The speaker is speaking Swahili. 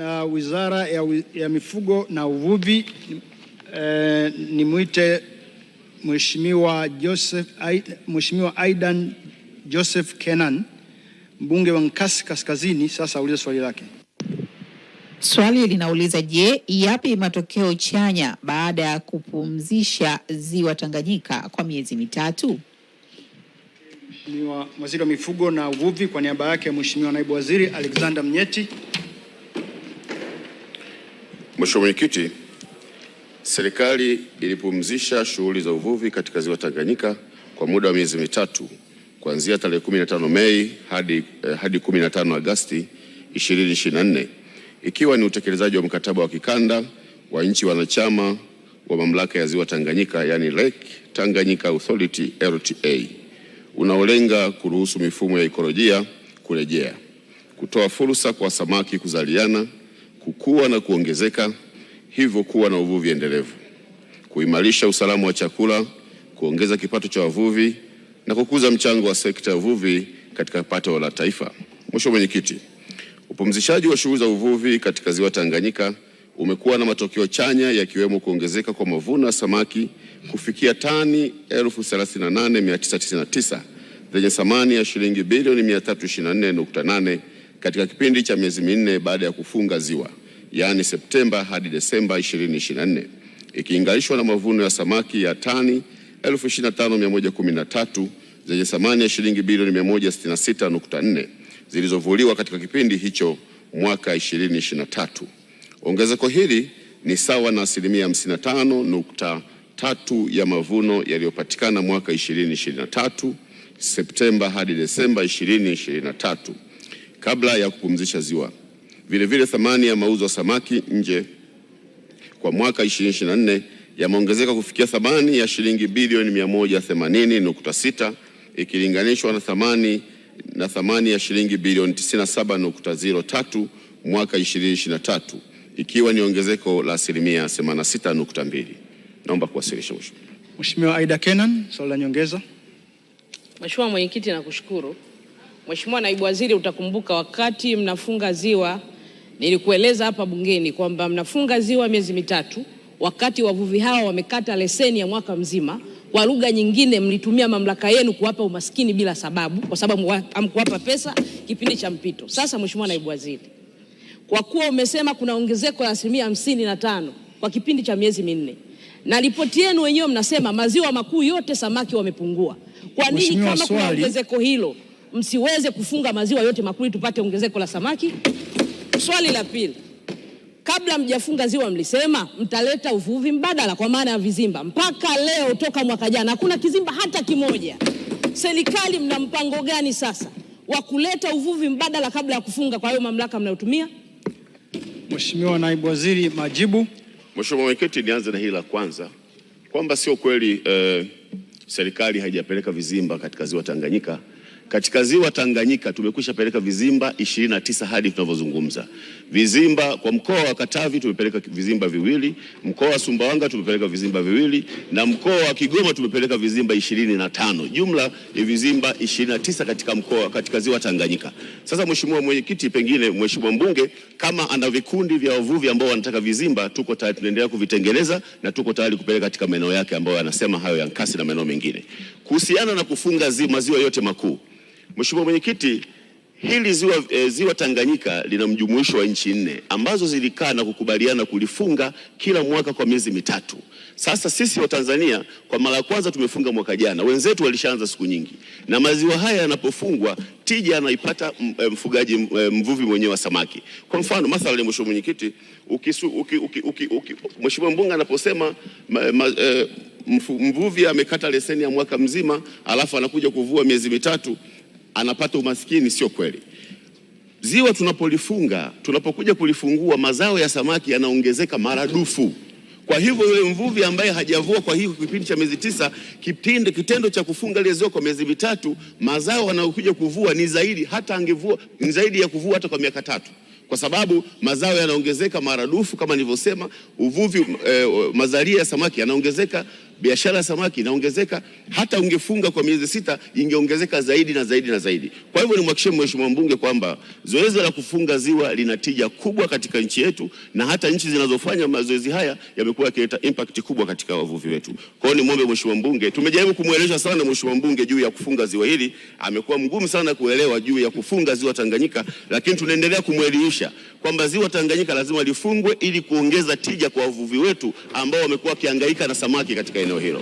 na Wizara ya, ya Mifugo na Uvuvi eh, nimwite Mheshimiwa Joseph Mheshimiwa Aidan Joseph Kenan mbunge wa Nkasi Kaskazini sasa aulize swali lake. Swali linauliza je, yapi matokeo chanya baada ya kupumzisha ziwa Tanganyika kwa miezi mitatu? Mheshimiwa Waziri wa Mifugo na Uvuvi, kwa niaba yake Mheshimiwa Naibu Waziri Alexander Mnyeti. Mheshimiwa Mwenyekiti, serikali ilipumzisha shughuli za uvuvi katika ziwa Tanganyika kwa muda wa miezi mitatu kuanzia tarehe 15 Mei hadi, eh, hadi 15 Agosti 2024 ikiwa ni utekelezaji wa mkataba wa kikanda wa nchi wanachama wa mamlaka ya ziwa Tanganyika yani Lake Tanganyika Authority LTA unaolenga kuruhusu mifumo ya ikolojia kurejea, kutoa fursa kwa samaki kuzaliana kukua na kuongezeka, hivyo kuwa na uvuvi endelevu, kuimarisha usalama wa chakula, kuongeza kipato cha wavuvi na kukuza mchango wa sekta ya uvuvi katika pato la taifa. Mheshimiwa Mwenyekiti, upumzishaji wa shughuli za uvuvi katika ziwa Tanganyika umekuwa na matokeo chanya yakiwemo kuongezeka kwa mavuno ya samaki kufikia tani 38,999 zenye thamani ya shilingi bilioni 324.8 katika kipindi cha miezi minne baada ya kufunga ziwa, yaani Septemba hadi Desemba 2024 ikiinganishwa na mavuno ya samaki ya tani 25113 zenye thamani ya shilingi bilioni 166.4 zilizovuliwa katika kipindi hicho mwaka 2023. Ongezeko hili ni sawa na asilimia 55.3 ya mavuno yaliyopatikana mwaka 2023 Septemba hadi Desemba 2023 kabla ya kupumzisha ziwa. Vilevile, thamani ya mauzo ya samaki nje kwa mwaka 2024 yameongezeka kufikia thamani ya shilingi bilioni 180.6 ikilinganishwa na thamani na thamani ya shilingi bilioni 97.03 mwaka 2023 ikiwa ni ongezeko la asilimia 86.2. Naomba kuwasilisha Mheshimiwa. Mheshimiwa Aida Kenan, swali la nyongeza. Mheshimiwa Mwenyekiti, nakushukuru. Mheshimiwa Naibu Waziri, utakumbuka wakati mnafunga ziwa nilikueleza hapa bungeni kwamba mnafunga ziwa miezi mitatu, wakati wavuvi hawa wamekata leseni ya mwaka mzima. Kwa lugha nyingine, mlitumia mamlaka yenu kuwapa umaskini bila sababu, kwa sababu hamkuwapa pesa kipindi cha mpito. Sasa Mheshimiwa Naibu Waziri, kwa kuwa umesema kuna ongezeko la asilimia hamsini na tano kwa kipindi cha miezi minne na ripoti yenu wenyewe mnasema maziwa makuu yote samaki wamepungua. Kwa nini kama kuna ongezeko hilo msiweze kufunga maziwa yote Makuli tupate ongezeko la samaki. Swali la pili, kabla mjafunga ziwa mlisema mtaleta uvuvi mbadala kwa maana ya vizimba. Mpaka leo toka mwaka jana hakuna kizimba hata kimoja. Serikali, mna mpango gani sasa wa kuleta uvuvi mbadala kabla ya kufunga kwa hiyo mamlaka mnayotumia? Mheshimiwa Naibu Waziri, majibu. Mheshimiwa Mwenyekiti, nianze na hili la kwanza kwamba sio kweli eh, serikali haijapeleka vizimba katika ziwa Tanganyika. Katika ziwa Tanganyika tumekwisha peleka vizimba 29 hadi tunavyozungumza. Vizimba kwa mkoa wa Katavi tumepeleka vizimba viwili, mkoa wa Sumbawanga tumepeleka vizimba viwili na mkoa wa Kigoma tumepeleka vizimba 25. Jumla ni vizimba 29 katika mkoa katika ziwa Tanganyika. Sasa Mheshimiwa Mwenyekiti, pengine Mheshimiwa Mbunge kama ana vikundi vya wavuvi ambao wanataka vizimba, tuko tayari tunaendelea kuvitengeneza na tuko tayari kupeleka katika maeneo yake ambayo anasema hayo ya Nkasi na maeneo mengine. Kuhusiana na kufunga maziwa yote makuu Mheshimiwa Mwenyekiti, hili ziwa, e, ziwa Tanganyika lina mjumuisho wa nchi nne ambazo zilikaa na kukubaliana kulifunga kila mwaka kwa miezi mitatu. Sasa sisi Watanzania kwa mara ya kwanza tumefunga mwaka jana, wenzetu walishaanza siku nyingi, na maziwa haya yanapofungwa tija anaipata e, mfugaji e, mvuvi mwenyewe wa samaki. Kwa mfano mathalan, Mheshimiwa Mwenyekiti, Mheshimiwa Mbunge anaposema ma, ma, e, mvuvi amekata leseni ya mwaka mzima alafu anakuja kuvua miezi mitatu anapata umaskini, sio kweli. Ziwa tunapolifunga, tunapokuja kulifungua, mazao ya samaki yanaongezeka maradufu. Kwa hivyo yule mvuvi ambaye hajavua kwa hiyo kipindi cha miezi tisa, kitendo, kitendo cha kufunga ile ziwa kwa miezi mitatu, mazao anayokuja kuvua ni zaidi hata angevua ni zaidi ya kuvua hata kwa miaka tatu, kwa sababu mazao yanaongezeka maradufu kama nilivyosema. Uvuvi eh, mazalia ya samaki yanaongezeka biashara ya samaki inaongezeka, hata ungefunga kwa miezi sita ingeongezeka zaidi na zaidi na zaidi. Kwa hivyo nimhakikishie mheshimiwa mbunge kwamba zoezi la kufunga ziwa lina tija kubwa katika nchi yetu, na hata nchi zinazofanya mazoezi haya yamekuwa yakileta impact kubwa katika wavuvi wetu. Kwa hiyo nimwombe mheshimiwa mbunge, tumejaribu kumweleza sana mheshimiwa mbunge juu ya kufunga ziwa hili, amekuwa mgumu sana kuelewa juu ya kufunga ziwa Tanganyika, lakini tunaendelea kumwelimisha kwamba ziwa Tanganyika lazima lifungwe ili kuongeza tija kwa wavuvi wetu ambao wamekuwa wakihangaika na samaki katika Hero.